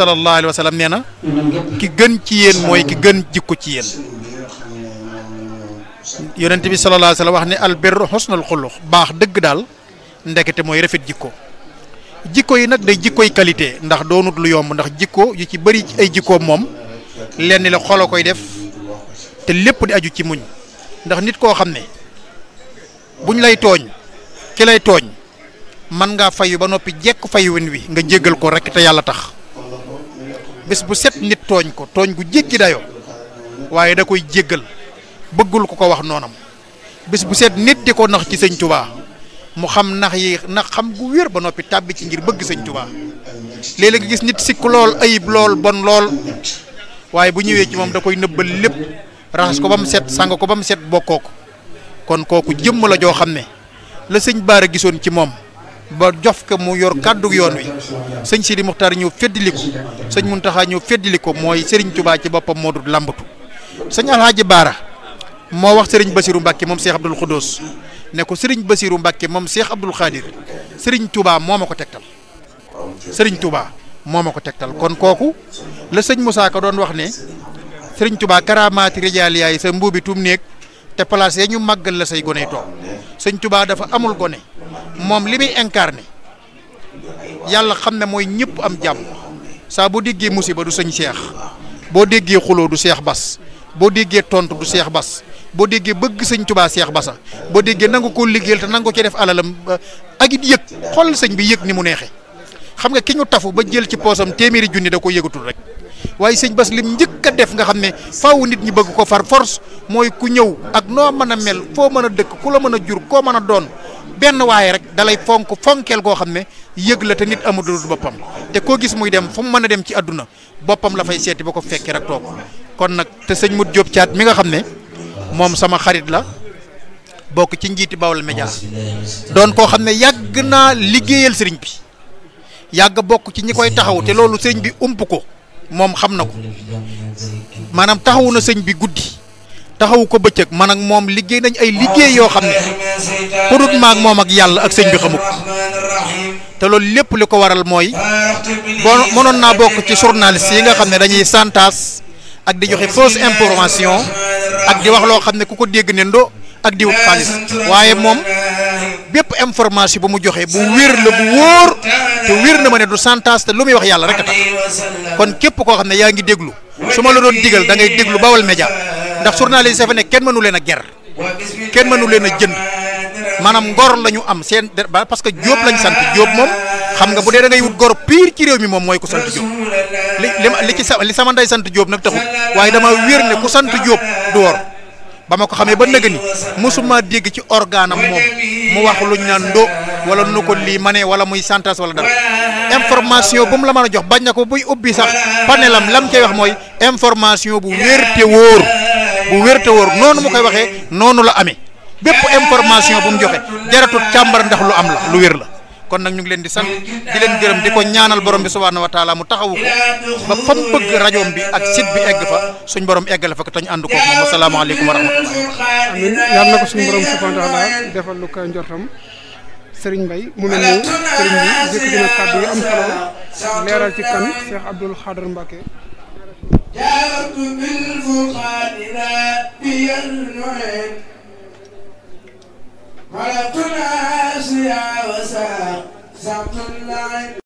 sallallahu alayhi wa sallam nee na ki gën ci yéen mooy ki gën jikko ci yéen yonent bi sallallahu alayhi wa wax ne albirru xusnul xulux baax dëgg daal ndekete mooy rafet jikko jikko yi nag day jikkoy qualité ndax doonut lu yomb ndax jikko yu ci bari ay jikko moom lenn la xolo koy def te lépp di aju ci muñ ndax nit koo xam ne buñ lay tooñ ki lay tooñ mën ngaa fayu ba noppi jekk fayu win wi nga jéggal ko rek te yàlla tax bés bu set nit tooñ ko tooñ gu jéggi dayoo waaye da koy jéggal bëggul ku ko wax noonam bés bu set nit di ko nax ci sëñ tubaa mu xam nax yi nax xam gu wér ba noppi tàbbi ci ngir bëgg sëñ tubaa léeg-léeg nga gis nit sikk lool ayib lool bon lool waaye bu ñëwee ci moom da koy nëbbal lépp raxas ko ba mu set sàng ko ba mu set bokkoo ko kon kooku jëmm la joo xam ne la sëñ baara gisoon ci moom ba jof ko mu yor kàddu yoon wi sëñ Sidi Muxtaar ñëw feddili ko sëñ Muntaxa ñëw feddili ko mooy Serigne tubaa ci boppam moo dut lambatu sëñ Alhaji Baara moo wax sëriñ Bassirou Mbacke moom Cheikh Abdoul Khoudous ne ko sëriñ Bassirou Mbacke moom Cheikh Abdoul Khadir sëriñ Touba moo ma ko tegtal sëriñ tubaa moo ma ko tegtal kon kooku la sëñ musaa ko doon wax ne Serigne Touba karaamaati rijaal yaay sa mbuubi tum néeg te place ya ñu màggal la say gone toog sañ tubaa dafa amul gone moom li muy incarné yàlla xam ne mooy ñëpp am jàmm saa boo déggee musiba du sëñ seex boo déggee xuloo du seex bas boo déggee tontu du seex bas boo déggee bëgg sëñ tubaa seex basa boo déggee nangu ko liggéeyal te nangu ko ci def alalam eh, ak it yëg xool sëñ bi yëg ni mu neexee xam nga ki ñu tafu ba jël ci poosam téeméeri junni da ko yëgatul rek waaye sëñ Bass lim njëkk a def nga xam ne faw nit ñi bëgg ko far fors mooy ku ñëw ak noo mën a mel foo mën a dëkk ku la mën a jur koo mën a doon benn waaye rek dalay fonk fonkeel goo xam ne yëg la te nit boppam te koo gis muy dem fu mu mën a dem ci àdduna boppam la seeti ba ko fekkee rek toog kon nag te sëñ Modou Diop Thiat mi nga xam ne moom sama xarit la bokk ci njiiti Baol Medias doon koo xam ne yàgg naa liggéeyal sëriñ bi yàgg bokk ci ñi koy taxaw te loolu sëñ bi ump ko. moom xam na ko maanaam taxawu na sëñ bi guddi taxawu ko bëccëg man ak moom liggéey nañ ay liggéey yoo xam ne xudut maak moom ak yàlla ak sëñ bi xamut te loolu lépp li ko waral mooy boo mënoon naa bokk ci journaliste yi nga xam ne dañuy santaas ak di joxe fausse information ak di wax loo xam ne ku ko dégg ne ndo ak di wut xaalis waaye moom bépp information bu mu joxe bu wir la bu wor te wir na mané du santas te lumuy wax yalla rek a kon képp ko xamné ya ngi déglu suma la doon digal da ngay déglu Baol Média ndax journaliste fa ne kenn mënu leen a ger mënu jënd manam ngor lañu am sen parce que job lañu sante job mom xam nga bu dee da ngay wut gor pire ci réew mi mom moy ko sante job li li ci sama nday sante job nak taxu waye dama wir ne ku sante job du wor ba ma ko xamee ba nëgg ni mosuma dégg ci organe moom mu wax luñ naan ndo wala nu ko lii ma ne wala muy santas wala dara information bu mu la mën a jox bañ na ko buy ubbi sax panelam lam cay wax mooy information bu wér te wóor bu wér te wóor noonu mu koy waxee noonu la amee bépp information bu mu joxe jaratut càmbara ndax lu am la lu wér la. kon nak ñu ngi leen di sant di leen gërëm di ko ñaanal borom bi subhanahu wa taala mu taxawu ko ba fam bëgg rajoom bi ak sit bi egg fa suñu borom eggale fa ko tañ and ko mo moom alaykum wa rahmatullah amin yàlla nako suñu borom subhanahu wa taala defal lu ko ndortam serigne mbay mu mel ni serigne bi jëk dina kaddu yu am solo leral ci kan cheikh abdul xadar mbake جاءت بالفقاد لا بيرنعم ملك يا وسع سبت الله